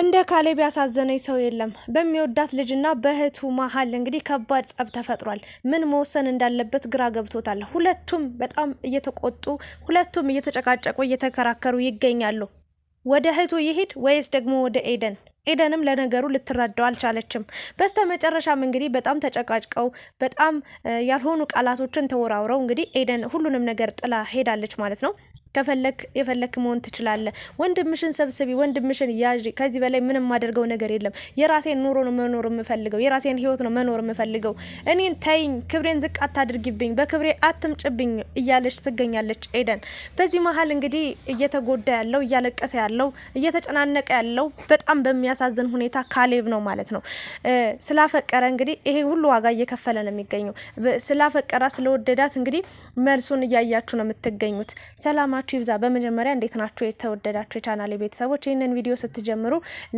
እንደ ካሌብ ያሳዘነኝ ሰው የለም። በሚወዳት ልጅና በእህቱ መሀል እንግዲህ ከባድ ጸብ ተፈጥሯል። ምን መወሰን እንዳለበት ግራ ገብቶታል። ሁለቱም በጣም እየተቆጡ፣ ሁለቱም እየተጨቃጨቁ፣ እየተከራከሩ ይገኛሉ። ወደ እህቱ ይሂድ ወይስ ደግሞ ወደ ኤደን? ኤደንም ለነገሩ ልትረዳው አልቻለችም። በስተ መጨረሻም እንግዲህ በጣም ተጨቃጭቀው በጣም ያልሆኑ ቃላቶችን ተወራውረው እንግዲህ ኤደን ሁሉንም ነገር ጥላ ሄዳለች ማለት ነው። ከፈለክ የፈለክ መሆን ትችላለህ፣ ወንድምሽን ሰብስቢ፣ ወንድምሽን ያዥ። ከዚህ በላይ ምንም ማደርገው ነገር የለም። የራሴን ኑሮ ነው መኖር የምፈልገው፣ የራሴን ህይወት ነው መኖር የምፈልገው። እኔን ተይኝ፣ ክብሬን ዝቅ አታድርጊብኝ፣ በክብሬ አትምጭብኝ እያለች ትገኛለች ኤደን። በዚህ መሀል እንግዲህ እየተጎዳ ያለው እያለቀሰ ያለው እየተጨናነቀ ያለው በጣም በሚያ በሚያሳዝን ሁኔታ ካሌብ ነው ማለት ነው። ስላፈቀረ እንግዲህ ይሄ ሁሉ ዋጋ እየከፈለ ነው የሚገኘው። ስላፈቀራ ስለወደዳት እንግዲህ መልሱን እያያችሁ ነው የምትገኙት። ሰላማችሁ ይብዛ። በመጀመሪያ እንዴት ናችሁ የተወደዳችሁ የቻናሌ ቤተሰቦች? ይህንን ቪዲዮ ስትጀምሩ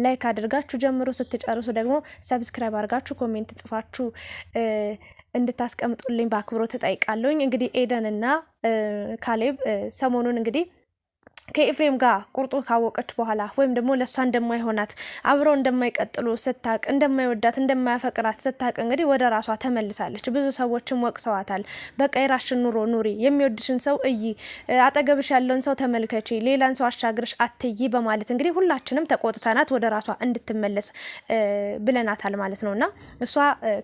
ላይክ አድርጋችሁ ጀምሩ፣ ስትጨርሱ ደግሞ ሰብስክራይብ አድርጋችሁ ኮሜንት ጽፋችሁ እንድታስቀምጡልኝ በአክብሮ እጠይቃለሁኝ። እንግዲህ ኤደን እና ካሌብ ሰሞኑን እንግዲህ ከኤፍሬም ጋር ቁርጡን ካወቀች በኋላ ወይም ደግሞ ለእሷ እንደማይሆናት አብረው እንደማይቀጥሉ ስታቅ እንደማይወዳት እንደማያፈቅራት ስታቅ እንግዲህ ወደ ራሷ ተመልሳለች። ብዙ ሰዎችም ወቅሰዋታል። በቃ የራሽን ኑሮ ኑሪ፣ የሚወድሽን ሰው እይ፣ አጠገብሽ ያለውን ሰው ተመልከች ሌላን ሰው አሻግርሽ አትይ በማለት እንግዲህ ሁላችንም ተቆጥተናት ወደ ራሷ እንድትመለስ ብለናታል ማለት ነው። እና እሷ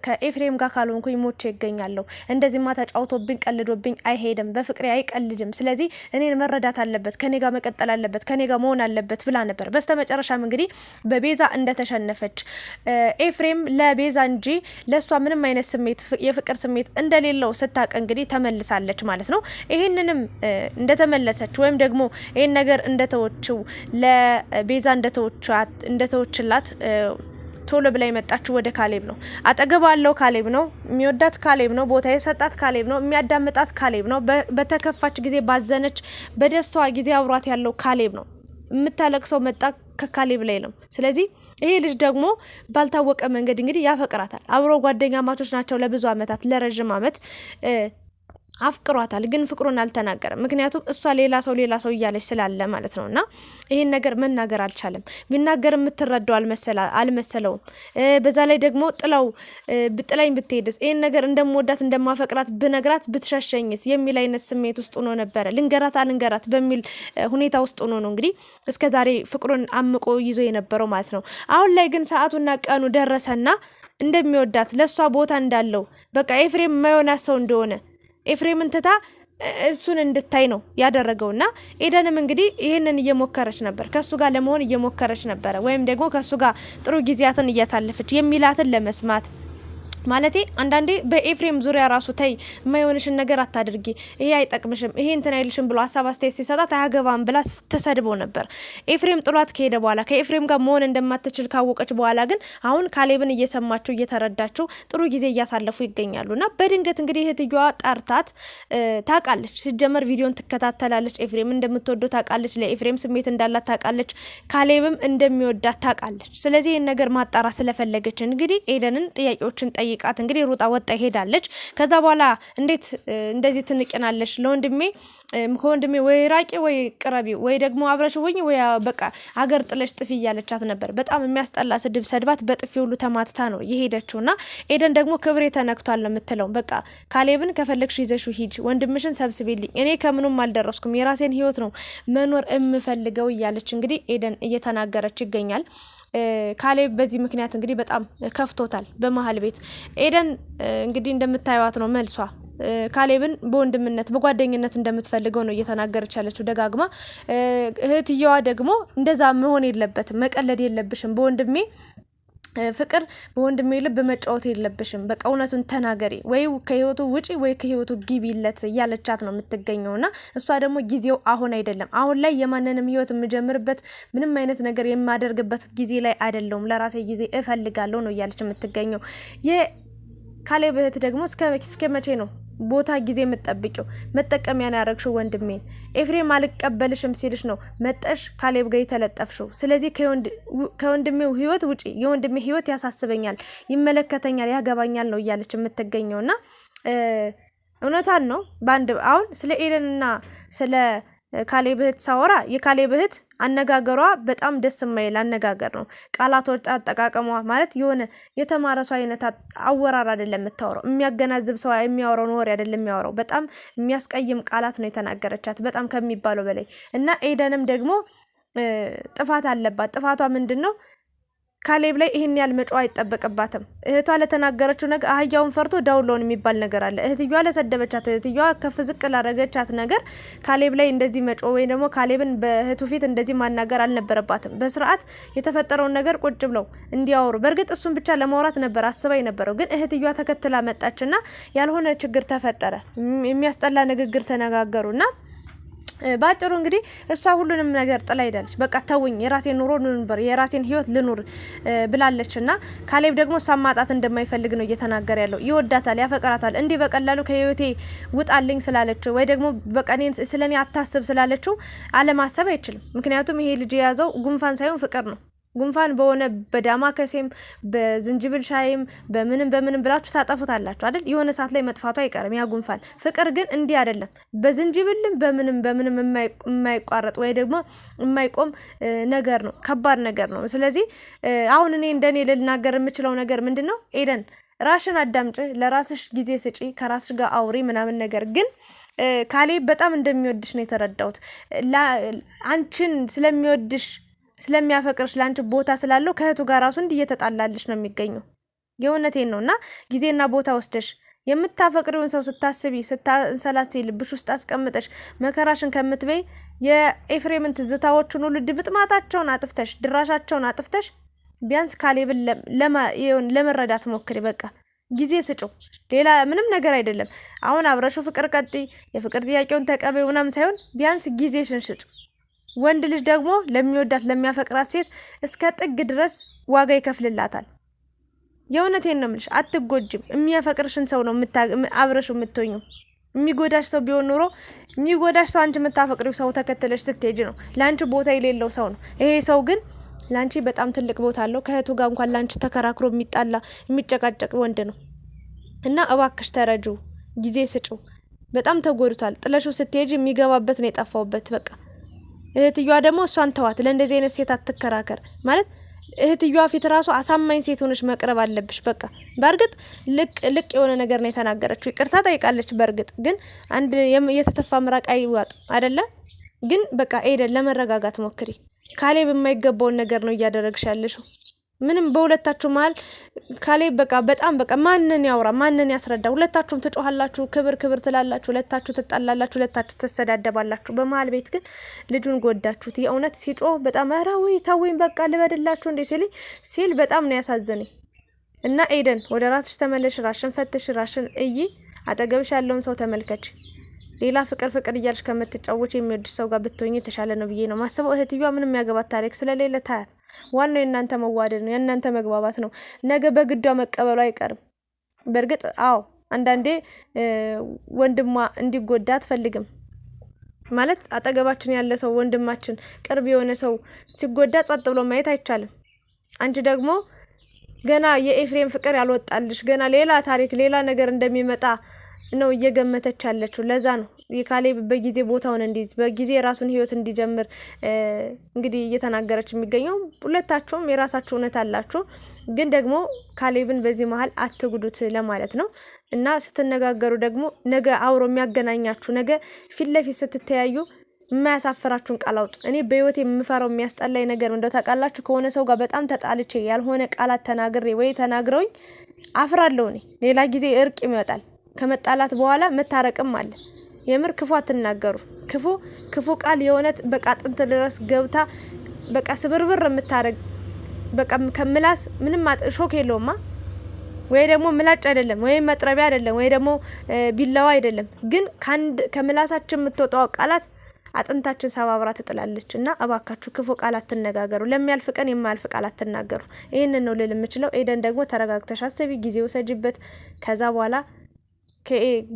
ከኤፍሬም ጋር ካልሆንኩኝ ሞቼ ይገኛለሁ፣ እንደዚህማ ተጫውቶብኝ ቀልዶብኝ አይሄድም፣ በፍቅሬ አይቀልድም፣ ስለዚህ እኔን መረዳት አለበት ከኔ ጋር ጋር መቀጠል አለበት፣ ከኔ ጋር መሆን አለበት ብላ ነበር። በስተመጨረሻም እንግዲህ በቤዛ እንደተሸነፈች ኤፍሬም ለቤዛ እንጂ ለእሷ ምንም አይነት ስሜት የፍቅር ስሜት እንደሌለው ስታውቅ እንግዲህ ተመልሳለች ማለት ነው። ይህንንም እንደተመለሰች ወይም ደግሞ ይህን ነገር እንደተወችው ለቤዛ እንደተወችላት ቶሎ ብላ የመጣችው ወደ ካሌብ ነው። አጠገብ አለው ካሌብ ነው የሚወዳት ካሌብ ነው ቦታ የሰጣት ካሌብ ነው የሚያዳምጣት ካሌብ ነው። በተከፋች ጊዜ፣ ባዘነች በደስታዋ ጊዜ አብሯት ያለው ካሌብ ነው። የምታለቅሰው መጣ ከካሌብ ላይ ነው። ስለዚህ ይሄ ልጅ ደግሞ ባልታወቀ መንገድ እንግዲህ ያፈቅራታል። አብሮ ጓደኛ ማቾች ናቸው ለብዙ ዓመታት ለረዥም ዓመት አፍቅሯታል፣ ግን ፍቅሩን አልተናገረም። ምክንያቱም እሷ ሌላ ሰው ሌላ ሰው እያለች ስላለ ማለት ነው። እና ይህን ነገር መናገር አልቻለም። ቢናገር የምትረዳው አልመሰለውም። በዛ ላይ ደግሞ ጥለው ብጥላኝ ብትሄድስ፣ ይህን ነገር እንደምወዳት እንደማፈቅራት ብነግራት ብትሸሸኝስ የሚል አይነት ስሜት ውስጥ ሆኖ ነበረ። ልንገራት አልንገራት በሚል ሁኔታ ውስጥ ሆኖ ነው እንግዲህ ዛሬ ፍቅሩን አምቆ ይዞ የነበረው ማለት ነው። አሁን ላይ ግን ሰዓቱና ቀኑ ደረሰና እንደሚወዳት ለእሷ ቦታ እንዳለው በቃ ኤፍሬም የማይሆናት ሰው እንደሆነ ኤፍሬምን ትታ እሱን እንድታይ ነው ያደረገው እና ኤደንም እንግዲህ ይህንን እየሞከረች ነበር፣ ከእሱ ጋር ለመሆን እየሞከረች ነበረ፣ ወይም ደግሞ ከእሱ ጋር ጥሩ ጊዜያትን እያሳለፈች የሚላትን ለመስማት ማለቴ አንዳንዴ በኤፍሬም ዙሪያ ራሱ ተይ የማይሆንሽን ነገር አታድርጊ፣ ይሄ አይጠቅምሽም፣ ይሄ እንትን አይልሽም ብሎ ሀሳብ አስተያየት ሲሰጣት አያገባም ብላ ተሰድቦ ነበር። ኤፍሬም ጥሏት ከሄደ በኋላ ከኤፍሬም ጋር መሆን እንደማትችል ካወቀች በኋላ ግን አሁን ካሌብን እየሰማችው እየተረዳችው ጥሩ ጊዜ እያሳለፉ ይገኛሉ። እና በድንገት እንግዲህ እህትየዋ ጠርታት ታውቃለች። ሲጀመር ቪዲዮን ትከታተላለች። ኤፍሬም እንደምትወደው ታውቃለች። ለኤፍሬም ስሜት እንዳላት ታውቃለች። ካሌብም እንደሚወዳት ታውቃለች። ስለዚህ ይህን ነገር ማጣራት ስለፈለገች እንግዲህ ኤደንን ጥያቄዎችን ጠይቃ ሲጠይቃት እንግዲህ ሩጣ ወጣ ይሄዳለች። ከዛ በኋላ እንዴት እንደዚህ ትንቅናለች? ለወንድሜ ከወንድሜ ወይ ራቂ ወይ ቅረቢ ወይ ደግሞ አብረሽ ሁኝ ወይ በቃ አገር ጥለሽ ጥፊ እያለቻት ነበር። በጣም የሚያስጠላ ስድብ ሰድባት በጥፊ ሁሉ ተማትታ ነው የሄደችውና ኤደን ደግሞ ክብሬ ተነክቷል ነው የምትለው። በቃ ካሌብን ከፈለግሽ ይዘሽው ሂጅ፣ ወንድምሽን ሰብስቤልኝ፣ እኔ ከምኑም አልደረስኩም፣ የራሴን ህይወት ነው መኖር የምፈልገው እያለች እንግዲህ ኤደን እየተናገረች ይገኛል። ካሌብ በዚህ ምክንያት እንግዲህ በጣም ከፍቶታል። በመሀል ቤት ኤደን እንግዲህ እንደምታየዋት ነው መልሷ። ካሌብን በወንድምነት በጓደኝነት እንደምትፈልገው ነው እየተናገረች ያለችው ደጋግማ። እህትየዋ ደግሞ እንደዛ መሆን የለበትም መቀለድ የለብሽም በወንድሜ ፍቅር በወንድሜ ልብ መጫወት የለብሽም፣ በቃ እውነቱን ተናገሪ፣ ወይ ከህይወቱ ውጪ ወይ ከህይወቱ ግቢለት እያለቻት ነው የምትገኘው። እና እሷ ደግሞ ጊዜው አሁን አይደለም፣ አሁን ላይ የማንንም ህይወት የምጀምርበት ምንም አይነት ነገር የማደርግበት ጊዜ ላይ አይደለውም፣ ለራሴ ጊዜ እፈልጋለሁ ነው እያለች የምትገኘው። የካሌብ እህት ደግሞ እስከ መቼ ነው ቦታ ጊዜ የምትጠብቂው መጠቀሚያን ያረግሽው ወንድሜን ኤፍሬም አልቀበልሽም ሲልሽ ነው መጠሽ ካሌብ ጋር የተለጠፍሽው። ስለዚህ ከወንድሜው ህይወት ውጪ የወንድሜ ህይወት ያሳስበኛል፣ ይመለከተኛል፣ ያገባኛል ነው እያለች የምትገኘውና እውነቷን ነው። በአንድ አሁን ስለ ኤደንና ስለ ካሌብ እህት ሳወራ የካሌብ እህት አነጋገሯ በጣም ደስ የማይል አነጋገር ነው። ቃላቶች አጠቃቀሟ ማለት የሆነ የተማረ ሰው አይነት አወራር አይደለም የምታወራው። የሚያገናዝብ ሰው የሚያወራውን ወሬ አይደለም የሚያወራው። በጣም የሚያስቀይም ቃላት ነው የተናገረቻት በጣም ከሚባለው በላይ እና ኤደንም ደግሞ ጥፋት አለባት። ጥፋቷ ምንድን ነው? ካሌብ ላይ ይህን ያህል መጮ አይጠበቅባትም። እህቷ ለተናገረችው ነገር አህያውን ፈርቶ ዳውሎን የሚባል ነገር አለ። እህትዮዋ ለሰደበቻት፣ እህትዮዋ ከፍ ዝቅ ላረገቻት ነገር ካሌብ ላይ እንደዚህ መጮ ወይም ደግሞ ካሌብን በእህቱ ፊት እንደዚህ ማናገር አልነበረባትም። በስርዓት የተፈጠረውን ነገር ቁጭ ብለው እንዲያወሩ። በእርግጥ እሱን ብቻ ለማውራት ነበር አስባ የነበረው፣ ግን እህትዮዋ ተከትላ መጣችና ያልሆነ ችግር ተፈጠረ። የሚያስጠላ ንግግር ተነጋገሩና ባጭሩ እንግዲህ እሷ ሁሉንም ነገር ጥላ ሄዳለች። በቃ ተውኝ፣ የራሴን ኑሮ ልንበር፣ የራሴን ህይወት ልኑር ብላለች እና ካሌብ ደግሞ እሷ ማጣት እንደማይፈልግ ነው እየተናገረ ያለው። ይወዳታል፣ ያፈቅራታል። እንዲህ በቀላሉ ከህይወቴ ውጣልኝ ስላለችው ወይ ደግሞ በቀኔን ስለኔ አታስብ ስላለችው አለማሰብ አይችልም። ምክንያቱም ይሄ ልጅ የያዘው ጉንፋን ሳይሆን ፍቅር ነው። ጉንፋን በሆነ በዳማ ከሴም በዝንጅብል ሻይም በምንም በምንም ብላችሁ ታጠፉታላችሁ አይደል? የሆነ ሰዓት ላይ መጥፋቱ አይቀርም ያ ጉንፋን። ፍቅር ግን እንዲህ አይደለም። በዝንጅብልም በምንም በምንም የማይቋረጥ ወይ ደግሞ የማይቆም ነገር ነው፣ ከባድ ነገር ነው። ስለዚህ አሁን እኔ እንደኔ ልናገር የምችለው ነገር ምንድን ነው? ኤደን ራሽን አዳምጭ ለራስሽ ጊዜ ስጪ፣ ከራስሽ ጋር አውሪ ምናምን ነገር ግን ካሌ በጣም እንደሚወድሽ ነው የተረዳሁት። አንቺን ስለሚወድሽ ስለሚያፈቅርሽ ለአንቺ ቦታ ስላለው ከእህቱ ጋር ራሱ እንዲህ እየተጣላልሽ ነው የሚገኘው። የእውነቴን ነው እና ጊዜና ቦታ ወስደሽ የምታፈቅሪውን ሰው ስታስቢ ስታንሰላስ ልብሽ ውስጥ አስቀምጠሽ መከራሽን ከምትበይ የኤፍሬምን ትዝታዎቹን ሁሉ ድምጥማጣቸውን አጥፍተሽ ድራሻቸውን አጥፍተሽ ቢያንስ ካሌብን ለመረዳት ሞክሪ። በቃ ጊዜ ስጭው። ሌላ ምንም ነገር አይደለም። አሁን አብረሹ ፍቅር ቀጢ የፍቅር ጥያቄውን ተቀበይ ምናምን ሳይሆን ቢያንስ ጊዜሽን ስጭው። ወንድ ልጅ ደግሞ ለሚወዳት ለሚያፈቅራት ሴት እስከ ጥግ ድረስ ዋጋ ይከፍልላታል። የእውነቴን ነው የምልሽ፣ አትጎጅም። የሚያፈቅርሽን ሰው ነው አብረሽ የምትኙ። የሚጎዳሽ ሰው ቢሆን ኖሮ የሚጎዳሽ ሰው አንቺ የምታፈቅሪው ሰው ተከትለሽ ስትሄጂ ነው። ለአንቺ ቦታ የሌለው ሰው ነው። ይሄ ሰው ግን ለአንቺ በጣም ትልቅ ቦታ አለው። ከእህቱ ጋር እንኳን ለአንቺ ተከራክሮ የሚጣላ የሚጨቃጨቅ ወንድ ነው እና እባክሽ ተረጁ፣ ጊዜ ስጪው። በጣም ተጎድቷል። ጥለሹ ስትሄጅ የሚገባበት ነው የጠፋውበት በቃ እህትዮዋ ደግሞ እሷን ተዋት፣ ለእንደዚህ አይነት ሴት አትከራከር ማለት እህትየዋ ፊት ራሱ አሳማኝ ሴት ሆነች መቅረብ አለብሽ። በቃ በእርግጥ ልቅ ልቅ የሆነ ነገር ነው የተናገረችው። ይቅርታ ጠይቃለች። በእርግጥ ግን አንድ የተተፋ ምራቅ አይዋጥ አደለ። ግን በቃ ኤደን ለመረጋጋት ሞክሪ። ካሌብ የማይገባውን ነገር ነው እያደረግሽ ያለሽው። ምንም በሁለታችሁ መሀል ካሌ በቃ በጣም በቃ ማንን ያውራ ማንን ያስረዳ? ሁለታችሁም ትጮሃላችሁ፣ ክብር ክብር ትላላችሁ፣ ሁለታችሁ ትጣላላችሁ፣ ሁለታችሁ ትሰዳደባላችሁ። በመሀል ቤት ግን ልጁን ጎዳችሁት። የእውነት ሲጮ በጣም ራዊ ታወኝ በቃ ልበድላችሁ እንዴ ሲል ሲል በጣም ነው ያሳዘነኝ። እና ኤደን ወደ ራስሽ ተመለሽ፣ ራሽን ፈትሽ፣ ራሽን እይ፣ አጠገብሽ ያለውን ሰው ተመልከች። ሌላ ፍቅር ፍቅር እያልሽ ከምትጫወች የሚወድሽ ሰው ጋር ብትሆኝ የተሻለ ነው ብዬ ነው ማስበው። እህትዮዋ ምንም ያገባት ታሪክ ስለሌለ ታያት። ዋናው የእናንተ መዋደድ ነው፣ የእናንተ መግባባት ነው። ነገ በግዷ መቀበሉ አይቀርም። በእርግጥ አዎ አንዳንዴ ወንድሟ እንዲጎዳ አትፈልግም። ማለት አጠገባችን ያለ ሰው ወንድማችን፣ ቅርብ የሆነ ሰው ሲጎዳ ጸጥ ብሎ ማየት አይቻልም። አንቺ ደግሞ ገና የኤፍሬም ፍቅር ያልወጣልሽ ገና ሌላ ታሪክ ሌላ ነገር እንደሚመጣ ነው እየገመተች ያለችው። ለዛ ነው የካሌብ በጊዜ ቦታውን እንዲይዝ በጊዜ የራሱን ህይወት እንዲጀምር እንግዲህ እየተናገረች የሚገኘው። ሁለታችሁም የራሳችሁ እውነት አላችሁ፣ ግን ደግሞ ካሌብን በዚህ መሀል አትጉዱት ለማለት ነው እና ስትነጋገሩ ደግሞ ነገ አብሮ የሚያገናኛችሁ ነገ ፊት ለፊት ስትተያዩ የማያሳፍራችሁን ቃል አውጡ። እኔ በህይወት የምፈራው የሚያስጠላኝ ነገር እንደው ታውቃላችሁ፣ ከሆነ ሰው ጋር በጣም ተጣልቼ ያልሆነ ቃላት ተናግሬ ወይ ተናግረውኝ አፍራለሁ። እኔ ሌላ ጊዜ እርቅ ይመጣል ከመጣላት በኋላ መታረቅም አለ። የምር ክፉ አትናገሩ። ክፉ ክፉ ቃል የእውነት በቃ ጥንት ድረስ ገብታ በቃ ስብርብር የምታደርግ በቃ ከምላስ ምንም ሾክ የለውማ። ወይ ደግሞ ምላጭ አይደለም፣ ወይም መጥረቢያ አይደለም፣ ወይ ደግሞ ቢላዋ አይደለም። ግን ከምላሳችን የምትወጣው ቃላት አጥንታችን ሰባብራ ትጥላለች። እና እባካችሁ ክፉ ቃል አትነጋገሩ። ለሚያልፍ ቀን የማያልፍ ቃል አትናገሩ። ይህንን ነው ልል የምችለው። ኤደን ደግሞ ተረጋግተሽ አስቢ፣ ጊዜ ውሰጅበት። ከዛ በኋላ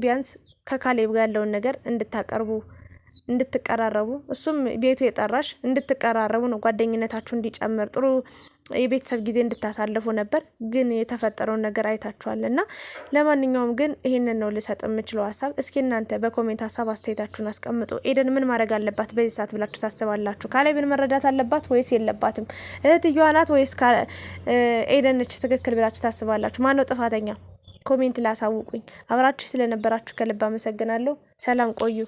ቢያንስ ከካሌብ ጋር ያለውን ነገር እንድታቀርቡ እንድትቀራረቡ እሱም ቤቱ የጠራሽ እንድትቀራረቡ ነው። ጓደኝነታችሁ እንዲጨምር ጥሩ የቤተሰብ ጊዜ እንድታሳልፉ ነበር፣ ግን የተፈጠረውን ነገር አይታችኋል እና ለማንኛውም ግን ይህንን ነው ልሰጥ የምችለው ሀሳብ። እስኪ እናንተ በኮሜንት ሀሳብ አስተያየታችሁን አስቀምጡ። ኤደን ምን ማድረግ አለባት በዚህ ሰዓት ብላችሁ ታስባላችሁ? ካሌብን መረዳት አለባት ወይስ የለባትም? እህትየዋ ናት ወይስ ኤደን ነች ትክክል ብላችሁ ታስባላችሁ? ማነው ጥፋተኛ? ኮሜንት ላሳውቁኝ አብራችሁ ስለነበራችሁ ከልብ አመሰግናለሁ። ሰላም ቆዩ።